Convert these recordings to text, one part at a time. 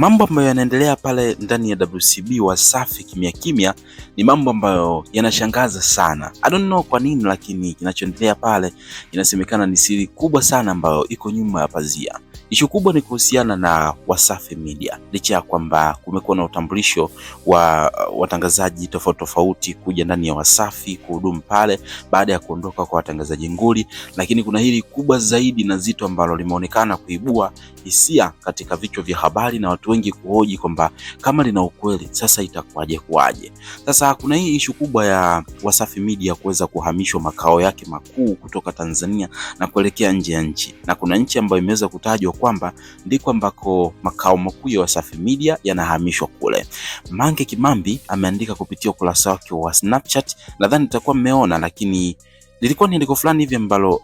Mambo ambayo yanaendelea pale ndani ya WCB Wasafi kimya kimya ni mambo ambayo yanashangaza sana. I don't know kwa nini, lakini kinachoendelea pale inasemekana ni siri kubwa sana ambayo iko nyuma ya pazia. Ishu kubwa ni kuhusiana na Wasafi Media. Licha ya kwamba kumekuwa na utambulisho wa watangazaji tofauti tofauti kuja ndani ya Wasafi kuhudumu pale baada ya kuondoka kwa watangazaji nguli, lakini kuna hili kubwa zaidi na zito ambalo limeonekana kuibua hisia katika vichwa vya habari na watu wengi kuhoji kwamba kama lina ukweli sasa itakuwaje kuwaje? Sasa kuna hii ishu kubwa ya Wasafi Media kuweza kuhamishwa makao yake makuu kutoka Tanzania na kuelekea nje ya nchi, na kuna nchi ambayo imeweza kutajwa kwamba ndiko ambako makao makuu ya Wasafi Media yanahamishwa kule. Mange Kimambi ameandika kupitia ukurasa wake wa Snapchat, nadhani nitakuwa mmeona, lakini lilikuwa ni andiko fulani hivi ambalo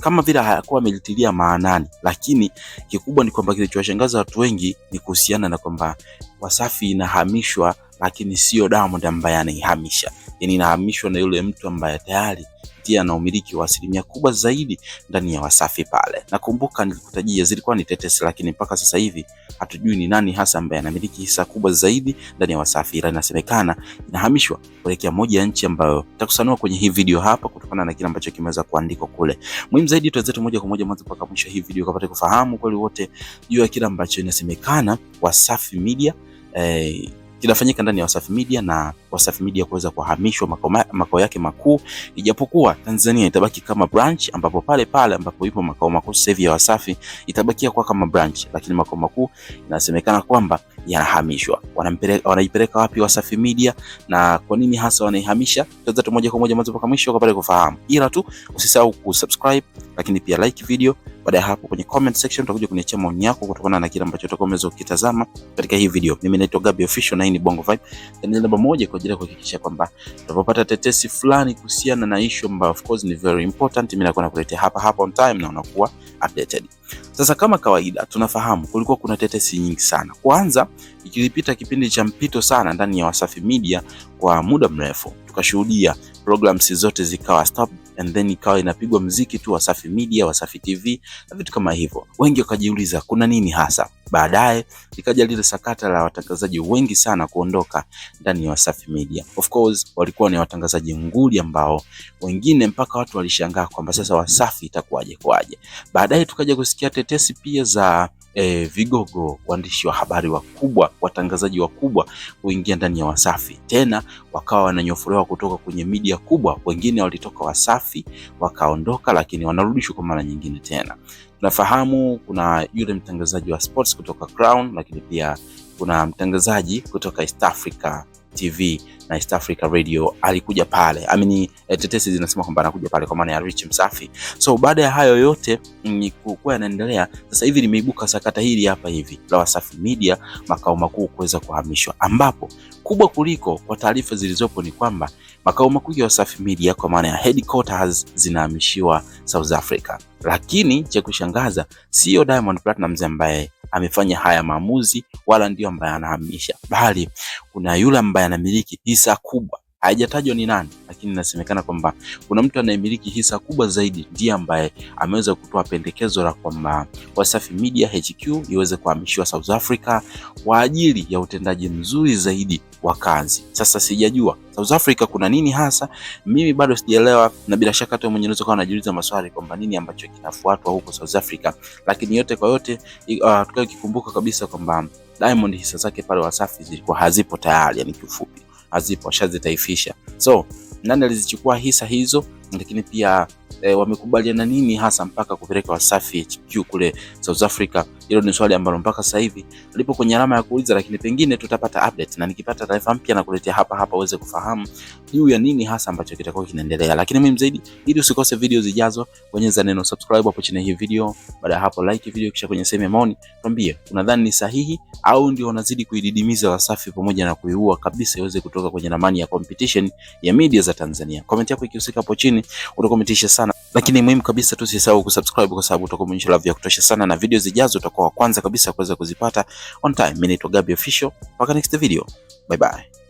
kama vile hayakuwa amelitilia maanani, lakini kikubwa ni kwamba kilichowashangaza watu wengi ni kuhusiana na kwamba Wasafi inahamishwa lakini sio Diamond ambaye anaihamisha, yani inahamishwa na yule mtu ambaye tayari pia ana umiliki wa asilimia kubwa zaidi ndani ya Wasafi pale. Nakumbuka nilikutajia zilikuwa ni tetesi, lakini mpaka sasa hivi hatujui ni nani hasa ambaye anamiliki hisa kubwa zaidi ndani ya Wasafi, ila inasemekana inahamishwa kuelekea moja ya nchi ambayo takusanua kwenye hii video hapa, kutokana na kile ambacho kimeweza kuandikwa kule. Muhimu zaidi, tuanze tu moja kwa moja mwanzo mpaka mwisho hii video, kapate kufahamu kweli wote juu ya kile ambacho inasemekana Wasafi Media eh, kinafanyika ndani ya Wasafi Media na Wasafi Media kuweza kuhamishwa makao yake makuu, ijapokuwa Tanzania itabaki kama branch, ambapo pale pale ambapo ipo makao makuu sasa hivi ya Wasafi itabakia kuwa kama branch, lakini makao makuu inasemekana kwamba yanahamishwa. Wanampeleka, Wanaipeleka wapi Wasafi Media na kwa nini hasa wanaihamisha? Tuanze tu moja kwa moja mwanzo mpaka mwisho kwa pale kufahamu, ila tu usisahau kusubscribe, lakini pia like video baada ya hapo, kwenye comment section utakuja kuniachia maoni yako kutokana na kile ambacho utakuwa umeweza kukitazama katika hii video. Mimi naitwa Gabby Official na hii ni Bongo Vibe, channel namba moja kwa ajili ya kuhakikisha kwamba unapopata tetesi fulani kuhusiana na issue ambayo of course ni very important, mimi nakuwa nakuletea hapa hapa on time na unakuwa updated. Sasa kama kawaida, tunafahamu kulikuwa kuna tetesi nyingi sana, kwanza ikilipita kipindi cha mpito sana ndani ya Wasafi Media kwa muda mrefu, tukashuhudia programs zote zikawa stop and then ikawa inapigwa mziki tu Wasafi Media, Wasafi TV na vitu kama hivyo. Wengi wakajiuliza kuna nini hasa. Baadaye ikaja lile sakata la watangazaji wengi sana kuondoka ndani ya Wasafi Media. Of course walikuwa ni watangazaji nguli ambao wengine mpaka watu walishangaa kwamba sasa Wasafi itakuwaje kwaje. Baadaye tukaja kusikia tetesi pia za E, vigogo waandishi wa habari wakubwa watangazaji wakubwa kuingia ndani ya Wasafi tena wakawa wananyofolewa kutoka kwenye media kubwa. Wengine walitoka Wasafi wakaondoka, lakini wanarudishwa kwa mara nyingine tena. Tunafahamu kuna yule mtangazaji wa sports kutoka Crown, lakini pia kuna mtangazaji kutoka East Africa TV na East Africa Radio alikuja pale. I mean, eh, tetesi zinasema kwamba anakuja pale kwa maana ya Rich Msafi. So baada ya hayo yote ni kuwa yanaendelea, sasa hivi limeibuka sakata hili hapa hivi la Wasafi Media makao makuu kuweza kuhamishwa, ambapo kubwa kuliko kwa taarifa zilizopo ni kwamba makao makuu ya Wasafi Media kwa maana ya headquarters zinahamishiwa South Africa, lakini cha kushangaza sio Diamond Platinumz ambaye amefanya haya maamuzi, wala ndio ambaye anahamisha, bali kuna yule ambaye anamiliki hisa kubwa haijatajwa ni nani, lakini inasemekana kwamba kuna mtu anayemiliki hisa kubwa zaidi ndiye ambaye ameweza kutoa pendekezo la kwamba Wasafi Media HQ iweze kuhamishiwa South Africa kwa ajili ya utendaji mzuri zaidi wa kazi. Sasa sijajua South Africa kuna nini hasa, mimi bado sijaelewa, na bila shaka hata mwenyewe unaweza kuwa unajiuliza maswali kwamba nini ambacho kinafuatwa huko South Africa. Lakini yote kwa yote, uh, tukao kikumbuka kabisa kwamba Diamond hisa zake pale Wasafi zilikuwa hazipo tayari, yani kifupi hazipo, ashazitaifisha. So nani alizichukua hisa hizo, lakini pia e, wamekubaliana nini hasa mpaka kupeleka Wasafi HQ kule South Africa hilo ni swali ambalo mpaka sasa hivi lipo kwenye alama ya kuuliza, lakini pengine tutapata update, na nikipata taarifa mpya nakuletea hapa hapa uweze kufahamu juu ya nini hasa ambacho kitakuwa kinaendelea. Lakini muhimu zaidi, ili usikose video zijazo, bonyeza neno subscribe hapo chini hii video. Baada ya hapo, like video, kisha kwenye sehemu ya maoni tuambie unadhani ni sahihi au ndio unazidi kuididimiza Wasafi pamoja na kuiua kabisa iweze kutoka kwenye ramani ya competition ya media za Tanzania. Comment yako ikihusika hapo chini utakometisha sana. Lakini muhimu kabisa tu usisahau kusubscribe kwa sababu utakuwa umeonyesha love ya kutosha sana, na video zijazo utakuwa wa kwanza kabisa kuweza kuzipata on time. Mimi naitwa Gabby Official, mpaka next video, bye bye.